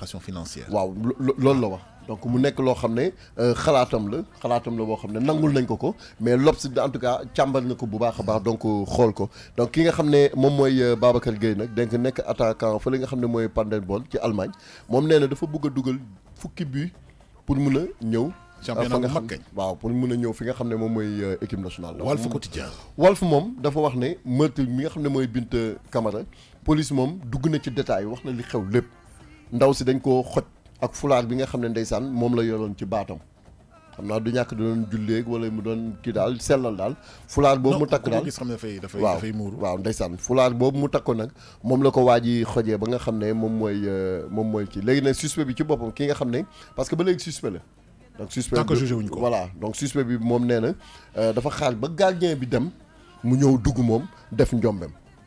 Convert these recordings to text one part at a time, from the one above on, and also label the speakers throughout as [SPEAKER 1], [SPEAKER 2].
[SPEAKER 1] administration financière. waaw loolu la wax donc mu nek lo xam ne euh, le, la le bo boo nangul nañ ko ko mais l'Obs en tout cas càmbar nako bu baax a baax donc euh, xol ko donc ki nga xam mom moy euh, Babacar Gueye nak denk nek attaquant fa li nga xam moy mooy Paderborn ci Allemagne Mom nee dafa bëgg a dugal fukki but pour mun a ñëw. championnat bu mag kañ waaw pour mun a ñëw fi nga xam ne moom mooy équipe nationale. Walf Quotidien Walf moom dafa wax ne meurtre mi nga xam ne mooy Binta Camara police moom dugg na ci détail wax na li xew lépp. ndaw si dañ koo xoj ak fulaar bi nga xam ne ndeysaan moom la yoroon ci baatam xam naa du ñàkk doon julleeg wala mu doon kii daal sellal daal fulaar boobu mu takk daal gis xam ne dafay dafay dafay muuru waaw ndeysaan fulaar boobu mu takkoon nag moom la ko waa ji xojee ba nga xam ne moom mooy euh, moom mooy kii léegi nag suspect bi ci boppam ki nga xam ne parce que ba léegi suspect la donc suspect bi ko voilà donc suspect bi moom nee na euh, dafa xaal ba gardien bi dem mu ñëw dugg moom def njombem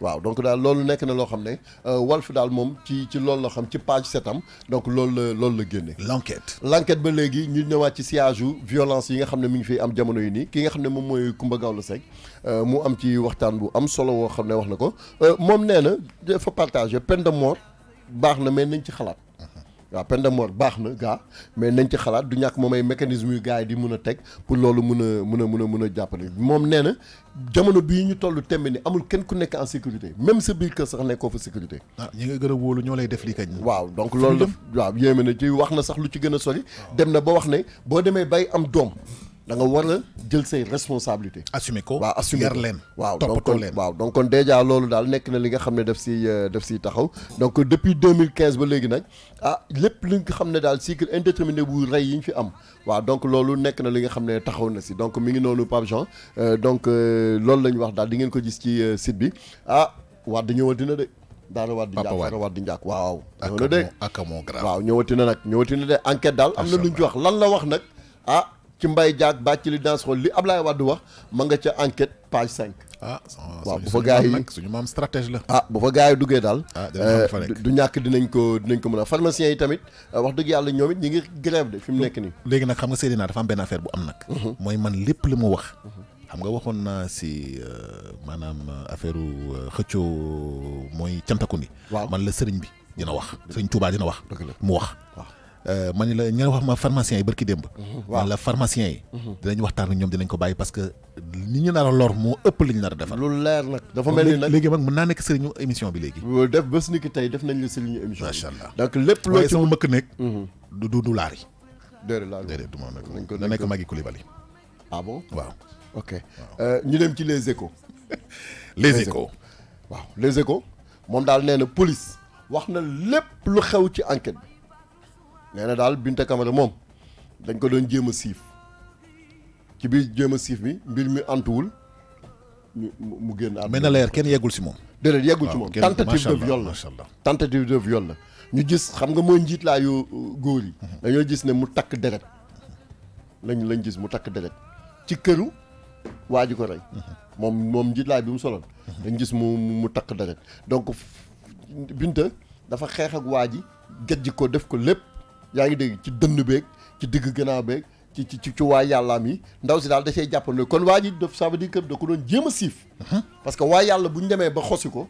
[SPEAKER 1] Wow, donc là loolu nek na lo xamné euh Walf dal mom ci ci la xam ci page setam donc loolu la l'enquête l'enquête ba légui ñu ñëwaat ci siège violence yi nga xamné mi ngi fi am jamono yi ki nga euh, mu am ci bu am solo euh, peine de mort baax na waaw peine baax na gaa mais nañ ci xalaat du ñàkk moom ay mécanisme yu gars yi di mun a teg pour loolu mun a mun a mun a mun a jàppale moom neena jamono bii ñu toll temb ni amul kenn ku nekk en sécurité même sa biir kër sax nekkoo fa sécurité. ah ñi nga gën a wóolu ñoo lay def li kañ. waaw donc loolu daf waaw yéeme na ci wax na sax lu ci gën a sori. Ah. dem na ba wax ne boo demee bay am doom. da nga war a jël say responsabilité assumer ko waaw assumer yar leen waaw toppatoo leen waaw donc kon déjà loolu daal nekk na li nga xam ne daf si euh, daf siy taxaw donc depuis 2015 ba léegi nag ah lépp li nga xam ne daal cycle indéterminé bu rey yi ñu fi am waaw donc loolu nekk na li nga xam ne taxaw na si donc mi ngi noonu Pape Jean euh, donc euh, loolu la ñu wax daal di ngeen ko gis ci site bi ah waat di ñëwal dina de daana waat di njàkk waat di njàkk waaw ñëw na de ak moo grave waaw ñëwatina na ñëwatina de enquête daal am na lu ñu ci wax lan la wax nag ah ci mbay jaag bàcc li dans xool li Ablaye Wade wax ma nga ca enquête page cinq. ah waaw bu fa gars yi suñu maam stratège la. ah bu fa gars yi duggee daal. Ah, euh, du ñàkk dinañ ko dinañ ko mën a pharmacien yi tamit euh, wax dëgg yàlla ñoom it ñi ngi grève de fi mu nekk nii.
[SPEAKER 2] léegi nag xam nga Seydina dafa am benn affaire bu am nag. Mhm. mooy man lépp li mu wax. Mhm. xam nga waxoon naa si euh, maanaam affaire xëccoo mooy cantaku ni. waaw man la sëriñ bi dina wax. sëriñ Touba dina wax. mu wax. Euh, ma ni la ña wax ma pharmacien yi barki demb mhm. waaw la pharmacien yi. Mhm. dinañ waxtaan ak ñoom dinañ ko bàyyi parce que ni ñu nar a lor mo ëpp li ñu nar a
[SPEAKER 1] lu leer nak dafa mel ni légui
[SPEAKER 2] mag man mën naa nekk sëriñu émission bi légui
[SPEAKER 1] def bés ni ki def nañ la sëriñu émission bi. donc lepp loo ci waaye sama
[SPEAKER 2] mëkk mhm. du du du laar yi.
[SPEAKER 1] déedéet laar déedéet du ma nekk da nekk Magui Coulibaly. ah bon waaw. ok euh, ñu dem ci les échos.
[SPEAKER 2] les échos
[SPEAKER 1] waaw les échos moom dal nee police wax na lepp lu xew ci enquête nee na daal Binta Camara moom dañ ko doon jéem a siif ci biir jéem a siif bi mbir mi antuwul ñu mu génn àdduna. mais leer kenn
[SPEAKER 2] yeggul si moom. déedéet yeggul si moom tentative de viol la
[SPEAKER 1] tentative de viol la ñu gis xam nga mooy njiitlaayu uh, góor yi. Mhm. dañoo gis ne mu takk deret lañ lañ gis mu takk deret ci këru waa ko rey. Mhm. moom moom njiitlaay bi mu soloon. Mhm. dañ gis mu takk deret donc Binta dafa xeex ak waa ji gejj ko def ko lépp. yaa ngi dégg ci dënn beeg ci digg gannaaw beeg ci ci ci waay yàllaam yi ndaw si daal dasee cee kon waa ji def ça veut dire que da ko doon jéema a siif. Uh-huh. parce que waa yàlla bu ñu demee ba xosi ko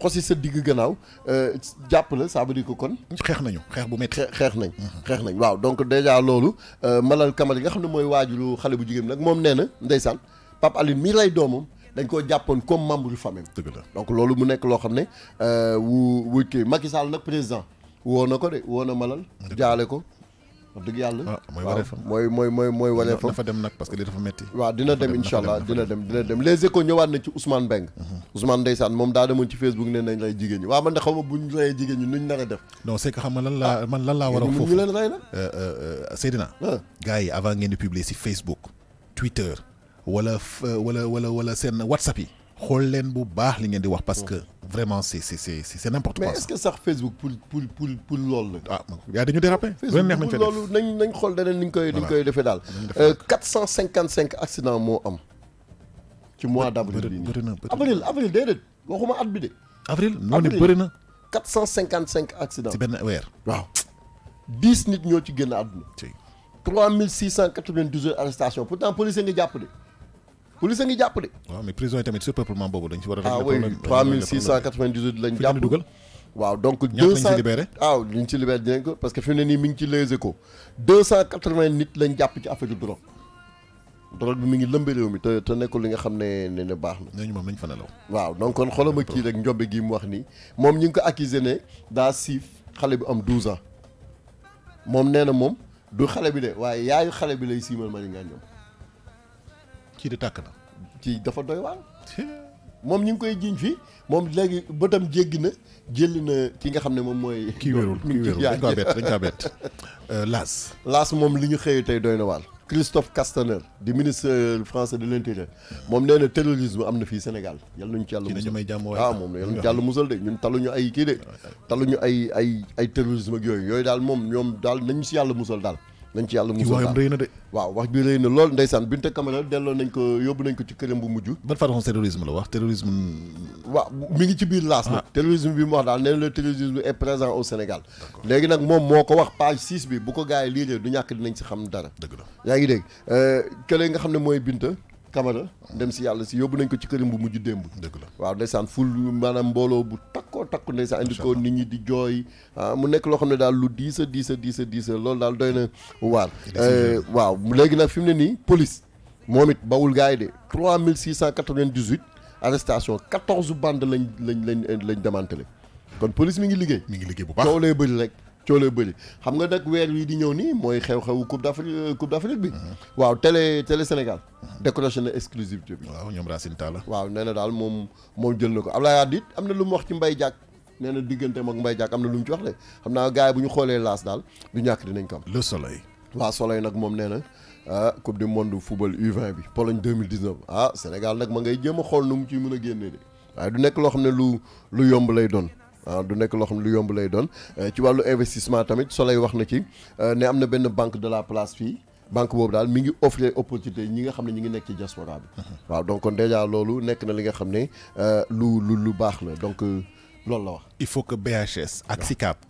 [SPEAKER 1] xosi sa digg gannaaw euh, jàpp la ça veut dire kon. xeex nañu xeex bu métti. xeex nañ xeex nañ uh-huh. waaw donc dèjà loolu euh, Malal Kamal yi nga xam ne mooy waajuru xale bu jigéen nag moom nee na ndeysaan Pape Alioune mii lay doomam. dañ koo jàppoon comme membre du famille. dëgg la donc loolu mu nekk loo xam ne euh, wu wu kii Macky Sall nag président. woo na ko de woo na Malal. jaale ko. wax dëgg yàlla. Ah, mooy wareefam mooy mooy mooy mooy wareefam fa dem nag parce que li dafa metti waa dina dem incha allah dina dem dina dem les échos ñëwaat na ci Ousmane Beng. Mhm. Ousmane ndeysaan moom daa demoon ci Facebook ne nañ lay jigéen ñi waaw man de xaw ma buñ lay jigéen ñi nuñ nar a def.
[SPEAKER 2] non c'est xam nga lan laa ah. man laa war a. foofu ñu leen na.
[SPEAKER 1] Euh, euh,
[SPEAKER 2] euh, ah. gars yi avant ngeen di publier si Facebook Twitter wala wala wala wala seen WhatsApp yi. problème bu baax li ngeen di wax parce que oh. vraiment c'est
[SPEAKER 1] n'importe quoi mais est-ce que ça fait pour pour pour pour lol ah ya dañu déraper ren neex nañ fa def lolou nañ nañ xol dañ niñ koy niñ koy defé dal 455 mo am ci mois d'avril avril avril waxuma at bi de avril non ni 455 accidents. C'est ben 10 nit ñoo ci gën 3692 arrestations. pourtant police nga japp de police ngi japp de.
[SPEAKER 2] waaw mais prison était ce dañ ci ah 3698
[SPEAKER 1] lañ jàpp waaw donc 200. Ah waaw ñu ci libéré dinañ ko parce que fi mi ngi ci les échos 280 nit lañ japp ci affaire drogue drogue bi mi ngi lëmbe réew mi te te nekkul li nga xam ne ne baax moom fa donc kon xolama kii rek njombe gi mu wax ni moom ñu ko accusé ne daa siif xale bi am douze ans moom nee na moom du xale bi de waaye yaayu xale bi lay kii di tàkk na. ci dafa doy waar. moom ñu ngi koy jiiñ fii moom léegi tam jéggi na jëli na ki nga xam ne moom mooy. kii wérul kii wérul dañ kaa bett dañ kaa bett euh, Laas. Laas moom li ñu xëyee tey doy na waar. Christophe Castaner di ministre français de l'intérieur moom nee na terrorisme am na fii Sénégal yal ah, nañu ci yàlla musal may jàmm waaw moom yal nañu ci yàlla musal ñun taluñu ay kii de ah, ah. taluñu ay ay ay terrorisme ak yooyu yooyu daal moom ñoom daal nañu si yàlla musal daal nañ ci yàlla musal waayam rëy na de waaw wax bi rëy na lool ndeysaan Binta Camara delloo nañ ko yóbbu nañ ko ci këram bu mujj ban façon terrorisme la wax terrorisme waaw mi ngi ci biir laas nag ah. terrorisme bi mu wax daal nee na le terrorisme est présent au Sénégal léegi nag moom moo ko wax page six bi bu ko gars lii liiree du ñàkk dinañ si xam dara dëgg la yaa ngi dégg euh, kële nga xam ne mooy Binta Camara dem si yàlla si yóbbu nañ ko ci këram bu mujj démb dëgg la waaw ndeysaan ful maanaam mbooloo bu takkoo takku ndeysaan indi ko nit ñi di jooy ah mu nekk loo xam ne daal lu diis a diis a diis a diis daal doy na waar eh, waaw léegi nag fi mu ne nii police moom it bawul gars yi de trois mille six cent quatre-vingt-dix-huit arrestation quatorze bandes lañ lañ lañ lañ démantelé kon police mi ngi liggéey mi ngi liggéey bu baax rek coolee bëri xam nga nag weer wii di ñëw nii mooy xew-xewu coupe d'Afrique euh, coupe d'Afrique bi. Mhm. waaw télé télé Sénégal. Mhm. décroché na exclusivité bi. waaw ñoom Racine Talla. waaw nee na daal moom moom jël na ko Abdoulaye Wade it am na lu mu wax ci mbay Diack nee na digganteem ak Mbaye Diack am na lu mu ci wax xam naa gars yi bu ñu xoolee laas daal du ñàkk dinañ ko am. le soleil. waaw soleil nag moom nee na. ah coupe du monde football U20 bi Pologne 2019 ah Sénégal nag ma ngay jéem a xool nu mu ciy mën a génnee de waaye nekk loo xam ne lu lu yomb lay doon. ah du nekk loo xam lu yomb lay doon eh, ci wàllu investissement tamit Soleil wax na ci eh, ne am na benn banque de la place fii banque boobu daal mi ngi offrir opportunité ñi nga xam ne ñi ngi nekk ci diaspora bi. Uh-huh. waaw donc kon déjà loolu nekk na li nga xam ne eh, lu lu lu baax la donc euh, loolu la wax. il
[SPEAKER 2] faut que BHS ak SICAP.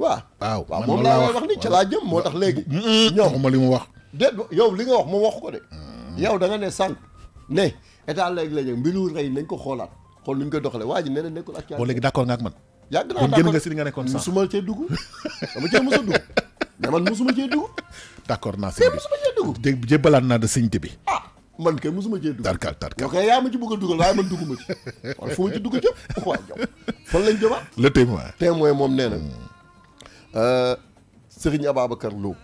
[SPEAKER 1] waaw waaw waaw moom laa wax ni ca laa jëm moo tax léegi ñoom mm, ma mm, mm, li mu wax déet yow li nga wax mu wax ko de yow da nga ne sànq ne état léegi-léegi mbiru rey nañ ko xoolaat xool nuñ koy doxale waa ji nee na nekkul ak bon léegi d'accord nga man yàgg naa kon génn nga si li nga nekkoon sax musuma cee dugg dama cee mos a dugg mais
[SPEAKER 2] man musuma cee dugg d'accord naa sëñ bi musuma cee dugg jébbalaat naa de sëñte bi ah
[SPEAKER 1] man kay musuma cee dugg tarkal tarkal yow kay yaa ma ci bëgg a dugal waaye man dugguma ci wala dugg jëm waa jom fan lañ jëma le témoin moom nee na Euh, Serigne Ababacar Lo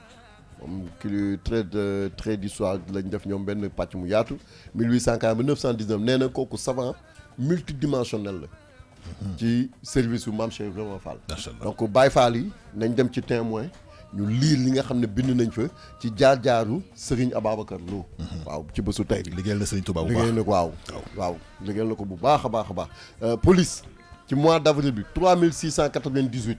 [SPEAKER 1] qui kii trait de trait d'histoire lañ def ñoom ben pàcc mu yaatu 1840 ba 919 nee na savant multidimensionnel qui ci service bu maam Cheikh Ibrahima Fall. donc au Fall yi nañ dem ci témoin ñu liir li nga xam le bind nañ fa ci jaar jaaru Serigne Ababakar Lo. Mhm. waaw ci bosse tey bi. liggéeyal na Serigne Touba bu baax liggéeyal Le ko waaw. waaw liggéeyal na ko bu baax a baax a euh, police ci mois d'avril avril 3698.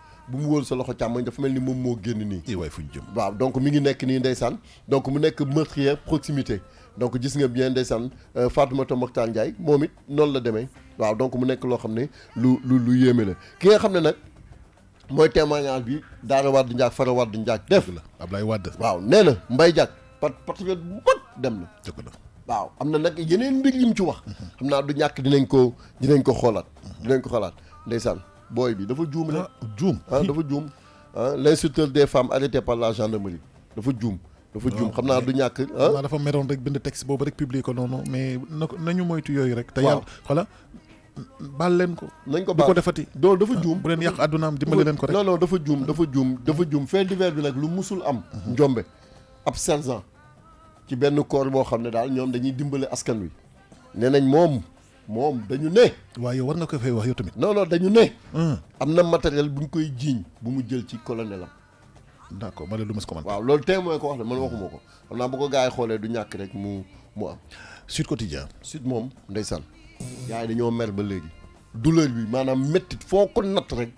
[SPEAKER 1] bu mu wóor sa loxo càmmoñ dafa mel ni moom moo génn nii. eh waay fu ñu jëm. waaw donc mi ngi nekk nii ndeysaan donc mu nekk meurtrière proximité donc gis nga bien ndeysaan euh, Fatoumata Mokhtar Ndiaye moom it noonu la demee waaw donc mu nekk loo xam ne lu lu lu yéeme la ki nga xam ne nag mooy témoignage bi Daara Wade Ndiak Fara Wade Ndiak def la Ablaye Wade. waaw nee na Mbaye Diak pat patriote bu dem na. waaw am na nag yeneen mbir yi mu ci wax. Mhm. xam naa du ñàkk dinañ ko dinañ ko xoolaat. Mhm. dinañ ko xoolaat ndeysaan. booy bi dafa juum rek ah, juum ah dafa juum ah l'insulteur des femmes arrêté par la gendarmerie dafa juum dafa juum ah, xam naa du ñàkk ah
[SPEAKER 2] dafa meroon rek bind texte boobu rek publier ko noonu mais na nañu moytu yooyu rek te yàlla xoola baal leen ko nañ ko baal defati doolu dafa juum ah, bu leen yàq àddunaam
[SPEAKER 1] dimbali leen ko rek non non dafa juum dafa juum dafa juum fait bi nag lu musul am mhm. njombe ab sergent ci benn corps boo xam ne daal ñoom dañuy dimbali askan wi nee nañ moom moom dañu ne. waaw yow war na koy fay wax yow tamit. non non dañu ne. Hmm. am na matériel bu ñu koy jiiñ bu mu jël ci colonel am. d' accord ma ne lu ma si commenté. waaw loolu témoin ko wax la man waxuma ko xam naa bu ko gars yi xoolee du ñàkk rek mu mu am. Sud Quotidien. Sud moom ndeysaan. gars yi dañoo mer ba léegi. douleur bi maanaam métti foo ko natt rek.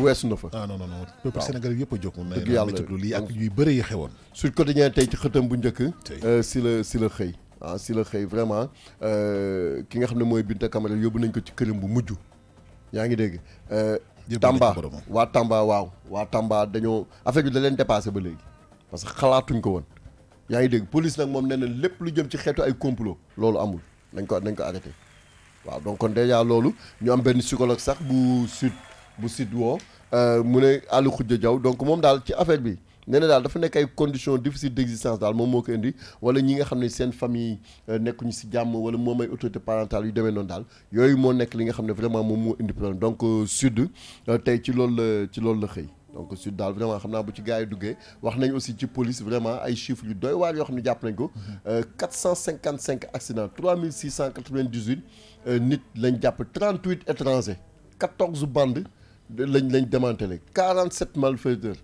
[SPEAKER 1] weesu na fa. ah non non non peuple sénégalais yëpp a jóg. dëgg yàlla lii ak yuy bëre yi xewoon. Sud Quotidien tey ci bu njëkk. Euh, si la si la xëy. ah si la xëy vraiment euh, ki nga xam ne mooy Binta Camara yóbbu nañ ko ci këram bu mujj yaa ngi dégg. Euh, Tamba waa Tamba waaw waa Tamba dañoo affaire bi da leen dépassé ba léegi parce que xalaatuñ ko woon yaa ngi dégg police nag moom nee na lépp lu jëm ci xeetu ay complot loolu amul nañ ko nañ ko arrêté waaw donc kon déjà loolu ñu am benn psychologue sax bu sud bu sud woo euh, mu ne Aliou Khoudia Diaw donc moom daal ci affaire bi. nee na daal dafa nekk ay conditions difficiles d'existence daal moom moo ko indi wala ñi nga xam ne seen famille euh, nekkuñu si jàmm wala moom ay autorité parentale yu demee noonu daal yooyu moo nekk li nga xam ne vraiment moom moo indi problème donc euh, sud euh, tey ci loolu la ci loolu la xëy donc sud daal vraiment xam naa bu ci gars yi duggee wax nañ aussi ci police vraiment ay chiffres yu doy waar yoo xam ne jàpp nañ ko 455 accidents 3698 nit lañ jàpp 38 étrangers 14 bandes lañ lañ démantelé 47 malfaiteurs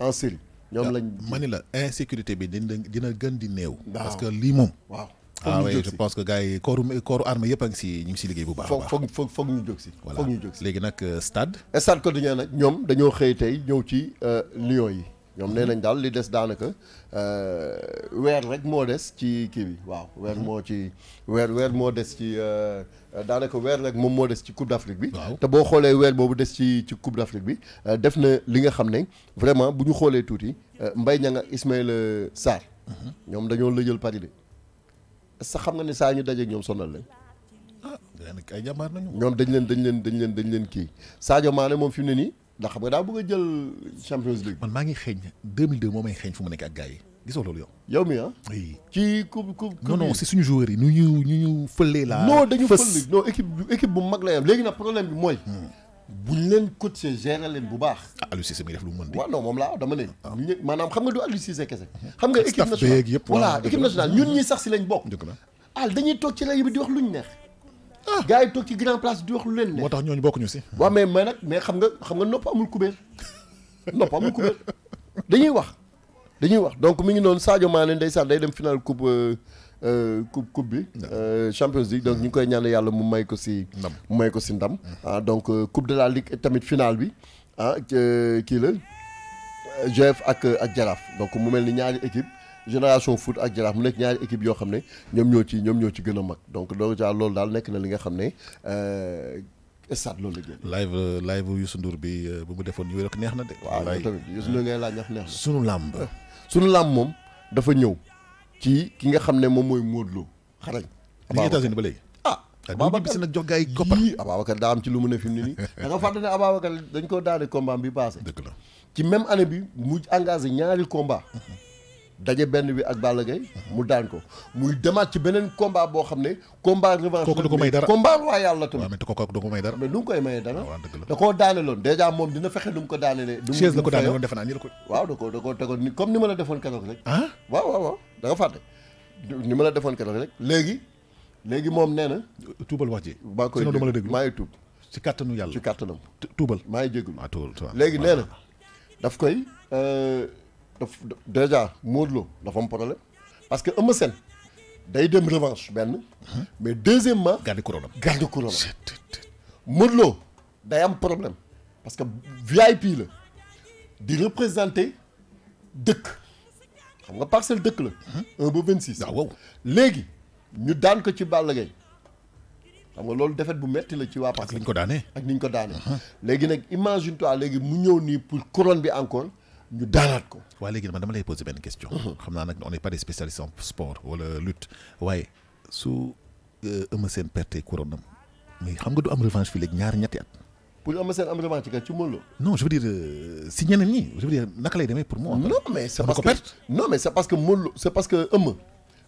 [SPEAKER 1] en série ñoom ah, lañ ma ni la
[SPEAKER 2] insécurité bi dina dina gën di néew. parce que lii moom. waaw foog ah ñu jóg si je pense que gars yi kooru
[SPEAKER 1] kooru armée yëpp a ngi si ñu ngi si liggéey bu baax. foog foog foog ñu jóg si. foog ñu jog si léegi nag euh, stade. stade Codé nag ñoom dañoo xëy tey ñëw ci euh, lion yi. ñoom nee nañ daal li des daanaka euh, weer rek moo des ci kii bi waaw weer moo ci weer weer moo des ci euh, daanaka weer rek moom moo des ci Coupe d'Afrique bi te boo xoolee weer boobu des ci ci Coupe d'Afrique bi euh, def na li nga xam ne vraiment bu ñu xoolee tuuti Mbaye Niang ak Ismaïla Sarr mhm. ñoom dañoo lëjal Paris de sax xam nga ni saa ñu dajeeg ñoom sonal lañ ah ay jàmbaar nañu ñoom dañ leen dañ leen dañ leen dañ leen kii Sadio Mané moom fi mu ne nii ndax xam nga daa bëgg a jël Champions League. man maa ngi xeeñ 2002 moo may xeeñ fu mu nekk ak gars yi gisoo loolu yow. yow mi ah. oui ci coupe coupe. non non c'est suñu joueur yi ñu ñu ñu ñu fëlee la. non dañu fël non équipe équipe bu mag la yam léegi nag problème bi mooy. Hmm. buñ leen coaché géré leen bu baax. ah Aliou mi def lu mu mën di. waaw non moom laa dama ne. Ah. maanaam xam nga du Aliou Cissé kese. Hmm. xam nga équipe nationale voilà équipe nationale ñun ñi sax si lañ bokk. dëgg la ah dañuy toog ci rajo bi di wax luñ neex ah. gars tok ci grand place di wax lu leen ne. ñoo ñu bokku ñu ci wa mais mais nak mais xam nga xam nga nopp amul kubéer nopp amul kubéer dañuy wax dañuy wax donc mi ngi non Sadio Mané ndeysaan day dem final coupe euh, euh coupe coupe bi. euh Champions League donc ñu koy ñaan yalla mu may ko si. mu may ko si ndam. Mm. Ah, donc euh, coupe de la ligue tamit final bi ah euh, kii la GF ak ak Jaraaf donc mu melni ñaari équipe génération foot ak jaraaf mu nekk ñaari équipe yoo xam ne ñoom ñoo ci ñoom ñoo ci gën a mag donc déjà loolu daal nekk na li nga xam ne euh, stade loolu la génn. live euh, live Youssou Ndour bi euh, bu mu defoon yooyu neex na de. waaw loolu tamit Youssou Ndour ngay laaj ndax neex na. Ah, sunu làmb. moom dafa ñëw ci ki nga xam ne moom mooy Modou Lo xarañ. ni ba léegi. Ah, ah, Ababacar bi si nag jox gars yi koppar yii Ababacar daa am ci lu mu ne fi mu ne nii da nga fàtte ne Ababacar dañ koo daane combat bi passé. ci même année bi mu engagé ñaari combat mhm. daje benn bi ak Balla Gaye mu daan ko muy demaat ci beneen combat boo xam ne combat revanche kooku du ko may dara combat royal la tamit mais kooku du ko may dara mais nu ngi koy mayee dara ah, da koo daane loon dèjà moom dina fexe nu mu ko daane ne chaise la ko daane loon defe naa nii la ko waaw da ko da ko tegoon ni comme ni ma la defoon keroog rek ah waaw waaw waaw da nga fàtte ni ma la defoon keroog rek léegi léegi moom nee na tuubal wax ji maa koy duma la déglu maa ngi tuub ci kàttanu yàlla ci kàttanam tuubal maa ngi jégalu ah, léegi nee na daf koy euh, déjà Modou la dafa problème parce que Eumeu day dem revanche mais deuxièmement garde le garde couronne Modou day problème parce que VIP la di représenter deuk xam nga parcelle deuk le un ah, ñu daan ko ci gay xam nga bu metti ci imagine toi légui mu pour couronne encore ñu daanaat ko. waaye léegi man dama lay poser benn question.
[SPEAKER 2] xam naa on n'est pas des spécialistes en sport ou la lutte Oui, sous une Sène perte couronne mais xam nga du am revanche fii léegi ñaar ñetti at.
[SPEAKER 1] pour Eumeu Sène am revanche kat ci non je veux dire euh, si ñeneen ni, je veux dire naka lay pour moi. non mais c'est parce que non mais c'est parce que Modou c'est parce que Eumeu.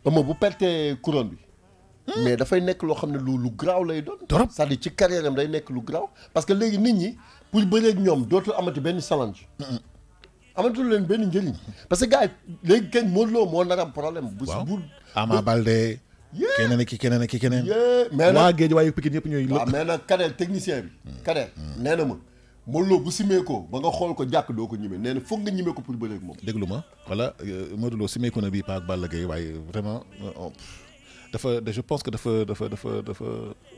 [SPEAKER 1] Eumeu bu perte couronne bi. Hmm? mais dafay nekk loo xam ne lu lu garaaw lay don. trop c'est-à-dire ci carrière am lay nek lu graw parce que léegi nit ñi pour bëreeg ñom dootul amati ben challenge. Hmm, hmm. amatul leen benn njëriñ parce que gars yi léegi kañ Modou Lo moo nar am problème. bu si bu
[SPEAKER 2] Ama Balde. keneen ak ki keneen ak ki keneen.
[SPEAKER 1] mais nag waa géej waaye Pikine yëpp ñooy. waaw mais nag Kader technicien bi. Hmm. Kader hmm. nee na ma Modou loo bu simee ko ba nga xool ko jàkk doo ko ñime neen na foog nga ñime ko ba bëreeg moom. déglu ma voilà euh,
[SPEAKER 2] Modou Lo simee ko na bii Paa ak Balla Gaye waaye vraiment. Euh, oh, dafa je pense que dafa dafa dafa dafa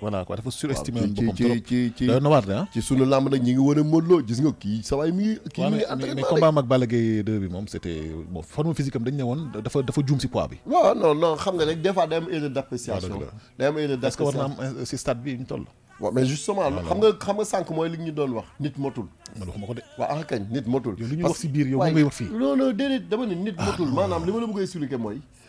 [SPEAKER 2] voilà quoi dafa surestimer boppam trop ci ci ah. ci sunu làmb nag ñi ngi wane modlo
[SPEAKER 1] gis nga ki kii sawaay mi ki mi ngi mais combat mak ak Balla bi mom c'était bon forme physique dañ ne woon dafa dafa joom ci poids bi waaw non non xam nga rek des fois day am erreur d'appréciation dem am erreur d'appréciation est que war na am euh, stade bi ñu toll waaw mais justement xam nga xam nga sank moy li ñu doon wax nit motul man waxuma ko de waaw ah, kañ nit motul yow li wax ci bir yow ngay wax fi non non déedéet dama ni nit ah, motul manam li ma la bëgg expliquer moy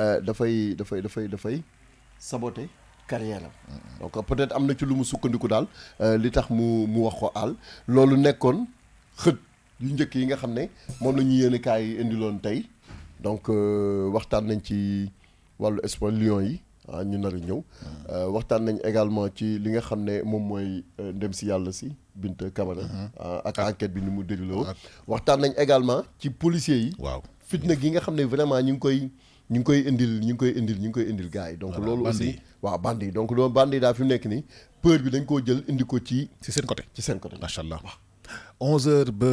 [SPEAKER 1] Euh, dafay dafay dafay dafay saboter carrière am donc peut-être amna ci lu mu sukkandiku daal euh, li tax mu mu wax ko al lolou nekkoon xët yu njëkk yi nga xamné mom moom la ñu yéen kaay yi indiloon tay donc euh, waxtaan nañ ci walu espoir lion yi ah, ñu nar a ñëw waxtaan nañ également ci li nga xamné mom moy mooy ndem si yàlla si Binta Camara mhm. ah, ak enquête bi ni mu dégloo waxtaan nañ également ci policier yi waaw fitna gi nga xamné vraiment ñu ngi koy ñu ngi koy indil ñu ngi koy indil ñu ngi koy indil gars yi donc loolu aussi waaw band yi donc loolu band yi daal fi mu nekk nii peur bi dañ koo jël indi ko ci ci seen côté ci seen côté macha allah
[SPEAKER 2] waaw ba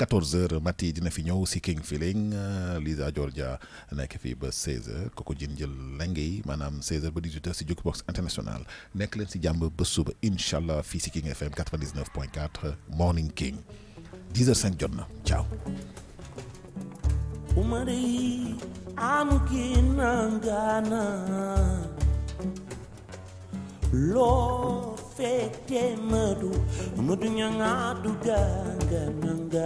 [SPEAKER 2] 14h yi dina fi ñëw si King Feeling euh, Lisa Georgia nekk fii ba 16h kooku jën jël lenge yi maanaam 16 ba 18h si Jukebox International nekk leen si jàmb ba suba incha fii si King FM 99.4 Morning King 10h05 jot na ciao.
[SPEAKER 1] amukinangana lo fete madu mudunyanga duganga nanga